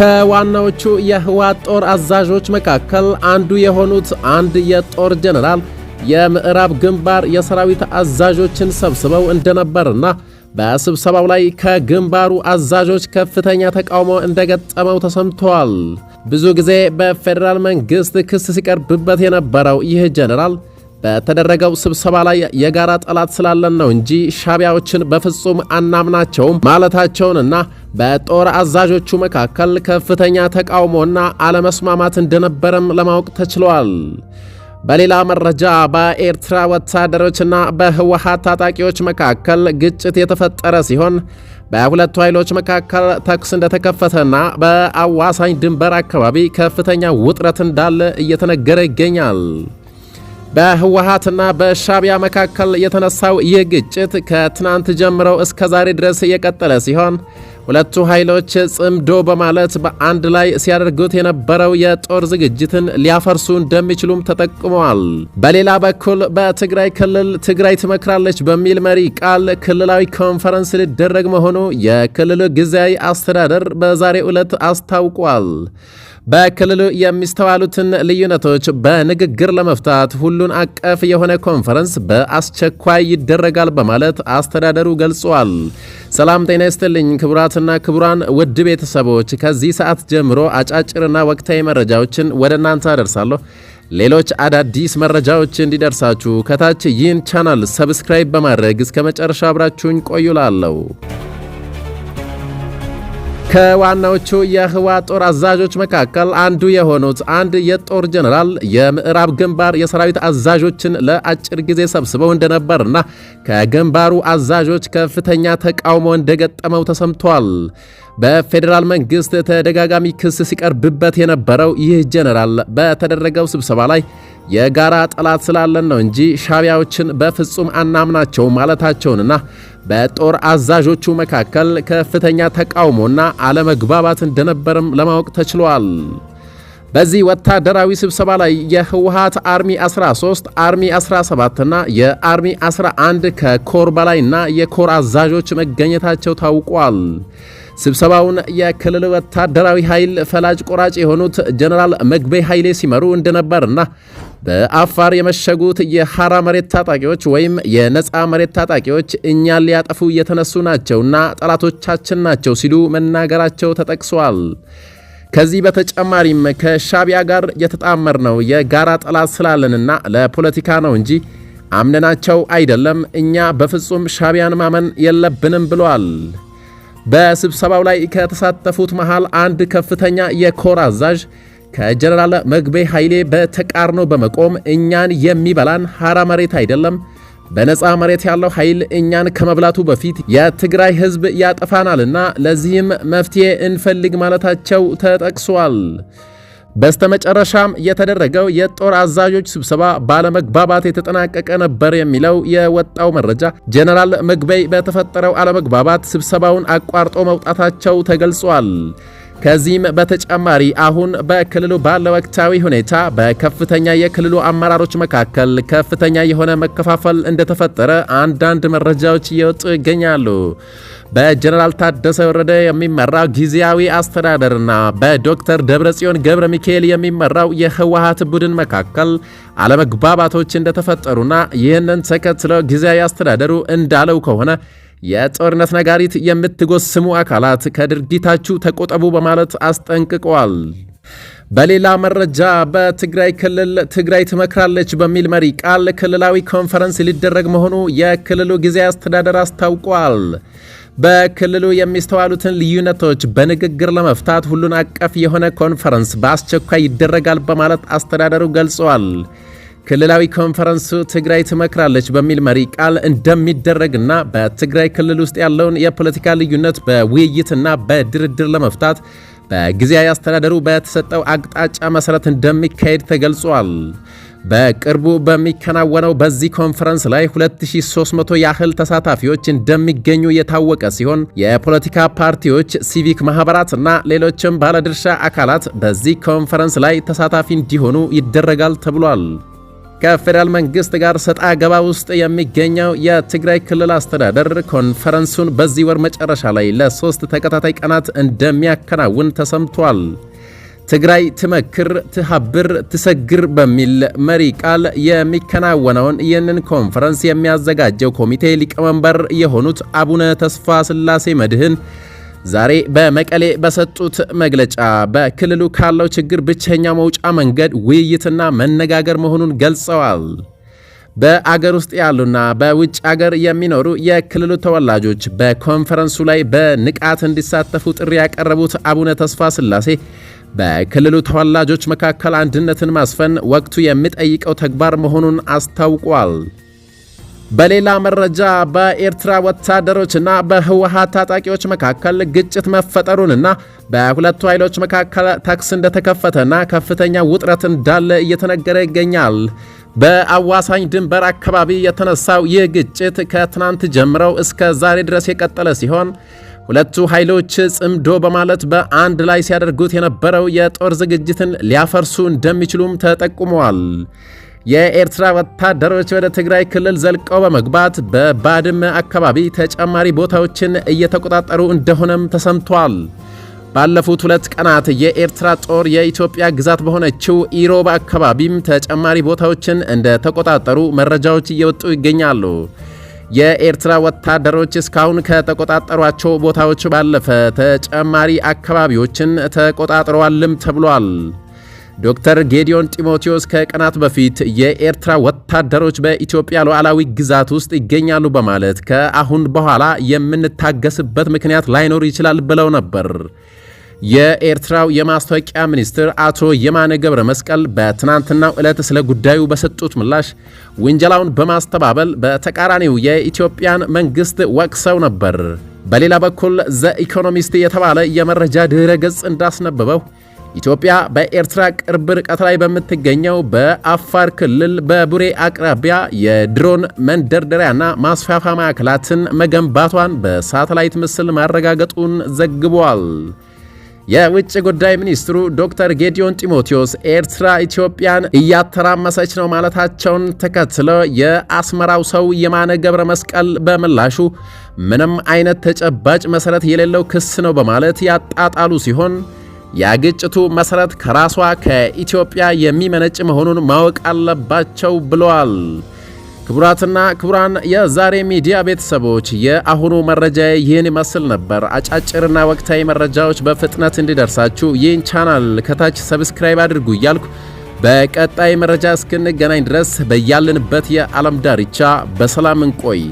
ከዋናዎቹ የህወሓት ጦር አዛዦች መካከል አንዱ የሆኑት አንድ የጦር ጀነራል የምዕራብ ግንባር የሰራዊት አዛዦችን ሰብስበው እንደነበርና በስብሰባው ላይ ከግንባሩ አዛዦች ከፍተኛ ተቃውሞ እንደገጠመው ተሰምተዋል። ብዙ ጊዜ በፌዴራል መንግስት ክስ ሲቀርብበት የነበረው ይህ ጀነራል በተደረገው ስብሰባ ላይ የጋራ ጠላት ስላለን ነው እንጂ ሻቢያዎችን በፍጹም አናምናቸውም ማለታቸውንና በጦር አዛዦቹ መካከል ከፍተኛ ተቃውሞና አለመስማማት እንደነበረም ለማወቅ ተችሏል። በሌላ መረጃ በኤርትራ ወታደሮችና በህወሓት ታጣቂዎች መካከል ግጭት የተፈጠረ ሲሆን በሁለቱ ኃይሎች መካከል ተኩስ እንደተከፈተና በአዋሳኝ ድንበር አካባቢ ከፍተኛ ውጥረት እንዳለ እየተነገረ ይገኛል። በህወሀትና በሻቢያ መካከል የተነሳው ይህ ግጭት ከትናንት ጀምረው እስከ ዛሬ ድረስ የቀጠለ ሲሆን ሁለቱ ኃይሎች ጽምዶ በማለት በአንድ ላይ ሲያደርጉት የነበረው የጦር ዝግጅትን ሊያፈርሱ እንደሚችሉም ተጠቁመዋል። በሌላ በኩል በትግራይ ክልል ትግራይ ትመክራለች በሚል መሪ ቃል ክልላዊ ኮንፈረንስ ሊደረግ መሆኑ የክልሉ ጊዜያዊ አስተዳደር በዛሬ ዕለት አስታውቋል። በክልሉ የሚስተዋሉትን ልዩነቶች በንግግር ለመፍታት ሁሉን አቀፍ የሆነ ኮንፈረንስ በአስቸኳይ ይደረጋል በማለት አስተዳደሩ ገልጿል። ሰላም ጤና ይስጥልኝ ክቡራትና ክቡራን ውድ ቤተሰቦች ከዚህ ሰዓት ጀምሮ አጫጭርና ወቅታዊ መረጃዎችን ወደ እናንተ አደርሳለሁ። ሌሎች አዳዲስ መረጃዎች እንዲደርሳችሁ ከታች ይህን ቻናል ሰብስክራይብ በማድረግ እስከ መጨረሻ አብራችሁኝ ቆዩላለሁ። ከዋናዎቹ የህዋ ጦር አዛዦች መካከል አንዱ የሆኑት አንድ የጦር ጀኔራል የምዕራብ ግንባር የሰራዊት አዛዦችን ለአጭር ጊዜ ሰብስበው እንደነበርና ከግንባሩ አዛዦች ከፍተኛ ተቃውሞ እንደገጠመው ተሰምቷል። በፌዴራል መንግስት ተደጋጋሚ ክስ ሲቀርብበት የነበረው ይህ ጄኔራል በተደረገው ስብሰባ ላይ የጋራ ጠላት ስላለን ነው እንጂ ሻቢያዎችን በፍጹም አናምናቸው ማለታቸውንና በጦር አዛዦቹ መካከል ከፍተኛ ተቃውሞና አለመግባባት እንደነበርም ለማወቅ ተችሏል። በዚህ ወታደራዊ ስብሰባ ላይ የህወሀት አርሚ 13 አርሚ 17 እና የአርሚ 11 ከኮር በላይና የኮር አዛዦች መገኘታቸው ታውቋል። ስብሰባውን የክልል ወታደራዊ ኃይል ፈላጭ ቆራጭ የሆኑት ጀነራል መግቤ ኃይሌ ሲመሩ እንደነበርና በአፋር የመሸጉት የሐራ መሬት ታጣቂዎች ወይም የነፃ መሬት ታጣቂዎች እኛን ሊያጠፉ እየተነሱ ናቸውና ጠላቶቻችን ናቸው ሲሉ መናገራቸው ተጠቅሷል። ከዚህ በተጨማሪም ከሻቢያ ጋር የተጣመር ነው የጋራ ጠላት ስላለንና ለፖለቲካ ነው እንጂ አምነናቸው አይደለም። እኛ በፍጹም ሻቢያን ማመን የለብንም ብሏል። በስብሰባው ላይ ከተሳተፉት መሃል አንድ ከፍተኛ የኮር አዛዥ ከጀነራል መግቤ ኃይሌ በተቃርኖ በመቆም እኛን የሚበላን ሐራ መሬት አይደለም፣ በነፃ መሬት ያለው ኃይል እኛን ከመብላቱ በፊት የትግራይ ሕዝብ ያጠፋናልና ለዚህም መፍትሄ እንፈልግ ማለታቸው ተጠቅሷል። በስተመጨረሻም የተደረገው የጦር አዛዦች ስብሰባ ባለመግባባት የተጠናቀቀ ነበር የሚለው የወጣው መረጃ ጀነራል ምግበይ በተፈጠረው አለመግባባት ስብሰባውን አቋርጦ መውጣታቸው ተገልጿል። ከዚህም በተጨማሪ አሁን በክልሉ ባለ ወቅታዊ ሁኔታ በከፍተኛ የክልሉ አመራሮች መካከል ከፍተኛ የሆነ መከፋፈል እንደተፈጠረ አንዳንድ መረጃዎች እየወጡ ይገኛሉ። በጀነራል ታደሰ ወረደ የሚመራው ጊዜያዊ አስተዳደርና በዶክተር ደብረጽዮን ገብረ ሚካኤል የሚመራው የህወሀት ቡድን መካከል አለመግባባቶች እንደተፈጠሩና ይህንን ተከትሎ ጊዜያዊ አስተዳደሩ እንዳለው ከሆነ የጦርነት ነጋሪት የምትጎስሙ አካላት ከድርጊታችሁ ተቆጠቡ በማለት አስጠንቅቀዋል። በሌላ መረጃ በትግራይ ክልል ትግራይ ትመክራለች በሚል መሪ ቃል ክልላዊ ኮንፈረንስ ሊደረግ መሆኑ የክልሉ ጊዜያዊ አስተዳደር አስታውቋል። በክልሉ የሚስተዋሉትን ልዩነቶች በንግግር ለመፍታት ሁሉን አቀፍ የሆነ ኮንፈረንስ በአስቸኳይ ይደረጋል በማለት አስተዳደሩ ገልጸዋል። ክልላዊ ኮንፈረንሱ ትግራይ ትመክራለች በሚል መሪ ቃል እንደሚደረግና በትግራይ ክልል ውስጥ ያለውን የፖለቲካ ልዩነት በውይይትና በድርድር ለመፍታት በጊዜያዊ አስተዳደሩ በተሰጠው አቅጣጫ መሠረት እንደሚካሄድ ተገልጿል። በቅርቡ በሚከናወነው በዚህ ኮንፈረንስ ላይ 2300 ያህል ተሳታፊዎች እንደሚገኙ የታወቀ ሲሆን የፖለቲካ ፓርቲዎች፣ ሲቪክ ማህበራት እና ሌሎችም ባለድርሻ አካላት በዚህ ኮንፈረንስ ላይ ተሳታፊ እንዲሆኑ ይደረጋል ተብሏል። ከፌዴራል መንግስት ጋር ሰጣ ገባ ውስጥ የሚገኘው የትግራይ ክልል አስተዳደር ኮንፈረንሱን በዚህ ወር መጨረሻ ላይ ለሶስት ተከታታይ ቀናት እንደሚያከናውን ተሰምቷል። ትግራይ ትመክር ትሀብር ትሰግር በሚል መሪ ቃል የሚከናወነውን ይህንን ኮንፈረንስ የሚያዘጋጀው ኮሚቴ ሊቀመንበር የሆኑት አቡነ ተስፋ ስላሴ መድህን ዛሬ በመቀሌ በሰጡት መግለጫ በክልሉ ካለው ችግር ብቸኛው መውጫ መንገድ ውይይትና መነጋገር መሆኑን ገልጸዋል። በአገር ውስጥ ያሉና በውጭ አገር የሚኖሩ የክልሉ ተወላጆች በኮንፈረንሱ ላይ በንቃት እንዲሳተፉ ጥሪ ያቀረቡት አቡነ ተስፋ ስላሴ በክልሉ ተወላጆች መካከል አንድነትን ማስፈን ወቅቱ የሚጠይቀው ተግባር መሆኑን አስታውቋል። በሌላ መረጃ በኤርትራ ወታደሮችና በህወሓት ታጣቂዎች መካከል ግጭት መፈጠሩንና በሁለቱ ኃይሎች መካከል ተኩስ እንደተከፈተና ከፍተኛ ውጥረት እንዳለ እየተነገረ ይገኛል። በአዋሳኝ ድንበር አካባቢ የተነሳው ይህ ግጭት ከትናንት ጀምረው እስከ ዛሬ ድረስ የቀጠለ ሲሆን ሁለቱ ኃይሎች ጽምዶ በማለት በአንድ ላይ ሲያደርጉት የነበረው የጦር ዝግጅትን ሊያፈርሱ እንደሚችሉም ተጠቁመዋል። የኤርትራ ወታደሮች ወደ ትግራይ ክልል ዘልቀው በመግባት በባድመ አካባቢ ተጨማሪ ቦታዎችን እየተቆጣጠሩ እንደሆነም ተሰምቷል። ባለፉት ሁለት ቀናት የኤርትራ ጦር የኢትዮጵያ ግዛት በሆነችው ኢሮብ አካባቢም ተጨማሪ ቦታዎችን እንደተቆጣጠሩ መረጃዎች እየወጡ ይገኛሉ። የኤርትራ ወታደሮች እስካሁን ከተቆጣጠሯቸው ቦታዎች ባለፈ ተጨማሪ አካባቢዎችን ተቆጣጥረዋልም ተብሏል። ዶክተር ጌዲዮን ጢሞቴዎስ ከቀናት በፊት የኤርትራ ወታደሮች በኢትዮጵያ ሉዓላዊ ግዛት ውስጥ ይገኛሉ በማለት ከአሁን በኋላ የምንታገስበት ምክንያት ላይኖር ይችላል ብለው ነበር። የኤርትራው የማስታወቂያ ሚኒስትር አቶ የማነ ገብረ መስቀል በትናንትናው ዕለት ስለ ጉዳዩ በሰጡት ምላሽ ውንጀላውን በማስተባበል በተቃራኒው የኢትዮጵያን መንግስት ወቅሰው ነበር። በሌላ በኩል ዘ ኢኮኖሚስት የተባለ የመረጃ ድኅረ ገጽ እንዳስነበበው ኢትዮጵያ በኤርትራ ቅርብ ርቀት ላይ በምትገኘው በአፋር ክልል በቡሬ አቅራቢያ የድሮን መንደርደሪያና ማስፋፋ ማዕከላትን መገንባቷን በሳተላይት ምስል ማረጋገጡን ዘግቧል። የውጭ ጉዳይ ሚኒስትሩ ዶክተር ጌዲዮን ጢሞቴዎስ ኤርትራ ኢትዮጵያን እያተራመሰች ነው ማለታቸውን ተከትሎ የአስመራው ሰው የማነ ገብረ መስቀል በምላሹ ምንም አይነት ተጨባጭ መሰረት የሌለው ክስ ነው በማለት ያጣጣሉ ሲሆን የግጭቱ መሰረት ከራሷ ከኢትዮጵያ የሚመነጭ መሆኑን ማወቅ አለባቸው ብለዋል። ክቡራትና ክቡራን የዛሬ ሚዲያ ቤተሰቦች የአሁኑ መረጃ ይህን ይመስል ነበር። አጫጭርና ወቅታዊ መረጃዎች በፍጥነት እንዲደርሳችሁ ይህን ቻናል ከታች ሰብስክራይብ አድርጉ እያልኩ በቀጣይ መረጃ እስክንገናኝ ድረስ በያልንበት የዓለም ዳርቻ በሰላም እንቆይ።